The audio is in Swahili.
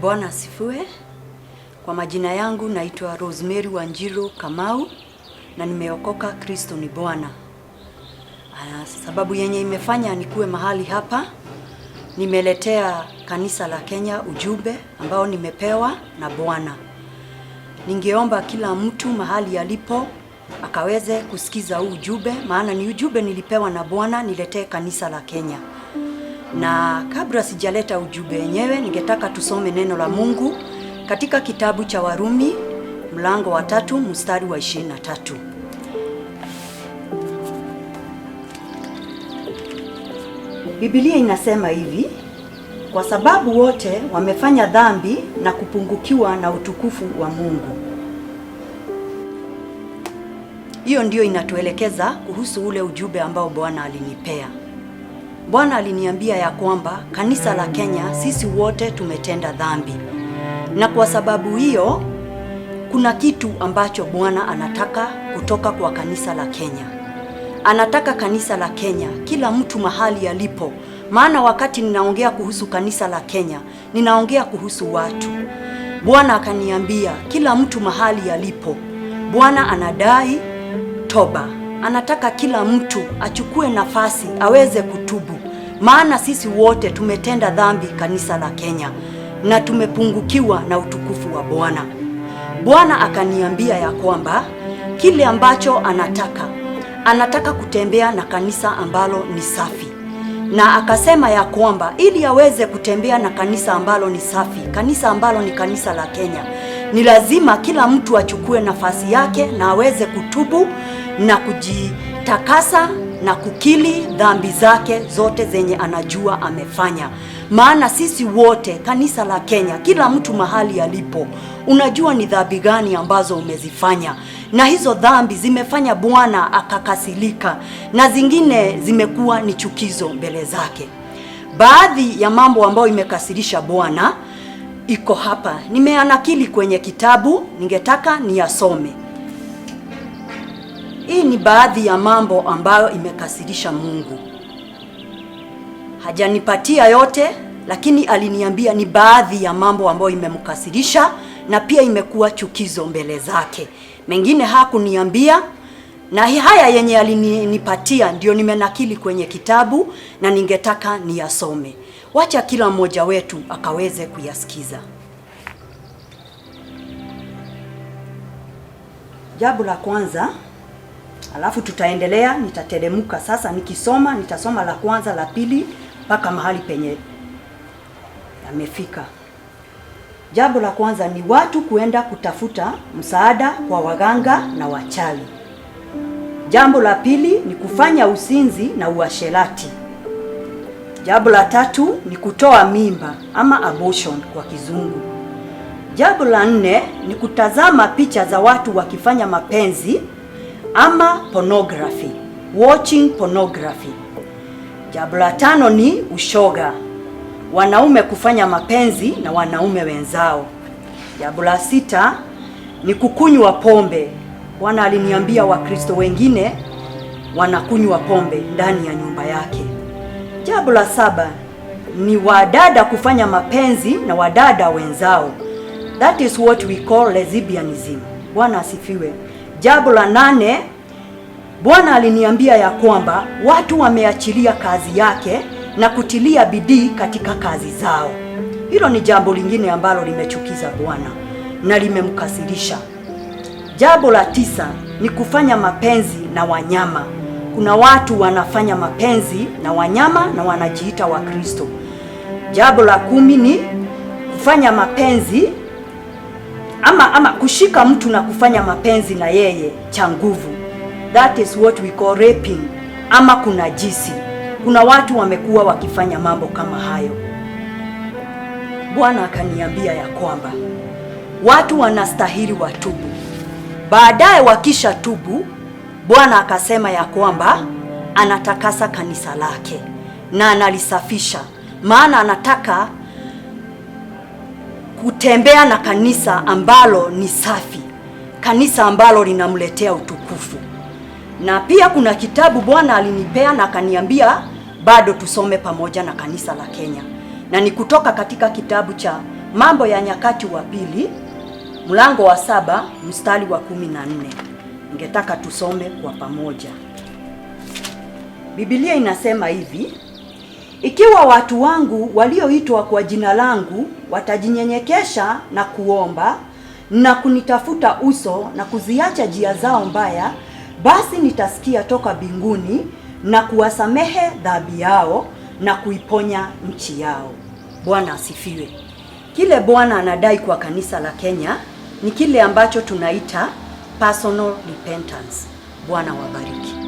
Bwana sifue Kwa majina yangu naitwa Rosemary Wanjiru Kamau na nimeokoka, Kristo ni Bwana. Sababu yenye imefanya nikuwe mahali hapa, nimeletea kanisa la Kenya ujumbe ambao nimepewa na Bwana. Ningeomba kila mtu mahali alipo akaweze kusikiza huu ujumbe, maana ni ujumbe nilipewa na Bwana niletee kanisa la Kenya na kabla sijaleta ujumbe wenyewe, ningetaka tusome neno la Mungu katika kitabu cha Warumi mlango wa tatu mstari wa 23. Biblia inasema hivi: kwa sababu wote wamefanya dhambi na kupungukiwa na utukufu wa Mungu. Hiyo ndio inatuelekeza kuhusu ule ujumbe ambao Bwana alinipea. Bwana aliniambia ya kwamba kanisa la Kenya sisi wote tumetenda dhambi, na kwa sababu hiyo kuna kitu ambacho Bwana anataka kutoka kwa kanisa la Kenya. Anataka kanisa la Kenya, kila mtu mahali alipo. Maana wakati ninaongea kuhusu kanisa la Kenya, ninaongea kuhusu watu. Bwana akaniambia kila mtu mahali alipo, Bwana anadai toba. Anataka kila mtu achukue nafasi aweze kutubu maana sisi wote tumetenda dhambi, kanisa la Kenya, na tumepungukiwa na utukufu wa Bwana. Bwana akaniambia ya kwamba kile ambacho anataka anataka kutembea na kanisa ambalo ni safi, na akasema ya kwamba ili aweze kutembea na kanisa ambalo ni safi, kanisa ambalo ni kanisa la Kenya, ni lazima kila mtu achukue nafasi yake na aweze kutubu na kujitakasa na kukili dhambi zake zote zenye anajua amefanya. Maana sisi wote kanisa la Kenya, kila mtu mahali alipo, unajua ni dhambi gani ambazo umezifanya, na hizo dhambi zimefanya Bwana akakasirika, na zingine zimekuwa ni chukizo mbele zake. Baadhi ya mambo ambayo imekasirisha Bwana iko hapa, nimeanakili kwenye kitabu, ningetaka niyasome. Hii ni baadhi ya mambo ambayo imekasirisha Mungu. Hajanipatia yote, lakini aliniambia ni baadhi ya mambo ambayo imemkasirisha na pia imekuwa chukizo mbele zake. Mengine hakuniambia, na haya yenye alinipatia ndio nimenakili kwenye kitabu na ningetaka niyasome. Wacha kila mmoja wetu akaweze kuyasikiza. Jambo la kwanza alafu tutaendelea, nitateremka sasa. Nikisoma nitasoma la kwanza, la pili, mpaka mahali penye amefika. Jambo la kwanza ni watu kuenda kutafuta msaada kwa waganga na wachawi. Jambo la pili ni kufanya usinzi na uasherati. Jambo la tatu ni kutoa mimba ama abortion kwa kizungu. Jambo la nne ni kutazama picha za watu wakifanya mapenzi ama pornography, watching pornography. Jambo la tano ni ushoga, wanaume kufanya mapenzi na wanaume wenzao. Jambo la sita ni kukunywa pombe. Bwana aliniambia Wakristo wengine wanakunywa pombe ndani ya nyumba yake. Jambo la saba ni wadada kufanya mapenzi na wadada wenzao, that is what we call lesbianism. Bwana asifiwe. Jambo la nane, Bwana aliniambia ya kwamba watu wameachilia kazi yake na kutilia bidii katika kazi zao. Hilo ni jambo lingine ambalo limechukiza Bwana na limemkasirisha. Jambo la tisa ni kufanya mapenzi na wanyama. Kuna watu wanafanya mapenzi na wanyama na wanajiita Wakristo. Jambo la kumi ni kufanya mapenzi ama ama kushika mtu na kufanya mapenzi na yeye cha nguvu, that is what we call raping ama jisi. Kuna watu wamekuwa wakifanya mambo kama hayo. Bwana akaniambia ya kwamba watu wanastahili watubu. Baadaye wakisha tubu, Bwana akasema ya kwamba anatakasa kanisa lake na analisafisha, maana anataka kutembea na kanisa ambalo ni safi, kanisa ambalo linamletea utukufu. Na pia kuna kitabu Bwana alinipea na akaniambia bado tusome pamoja na kanisa la Kenya, na ni kutoka katika kitabu cha Mambo ya Nyakati wa Pili mlango wa saba mstari wa kumi na nne. Ningetaka tusome kwa pamoja. Biblia inasema hivi: ikiwa watu wangu walioitwa kwa jina langu watajinyenyekesha na kuomba na kunitafuta uso na kuziacha njia zao mbaya, basi nitasikia toka binguni na kuwasamehe dhambi yao na kuiponya nchi yao. Bwana asifiwe. Kile Bwana anadai kwa kanisa la Kenya ni kile ambacho tunaita personal repentance. Bwana wabariki.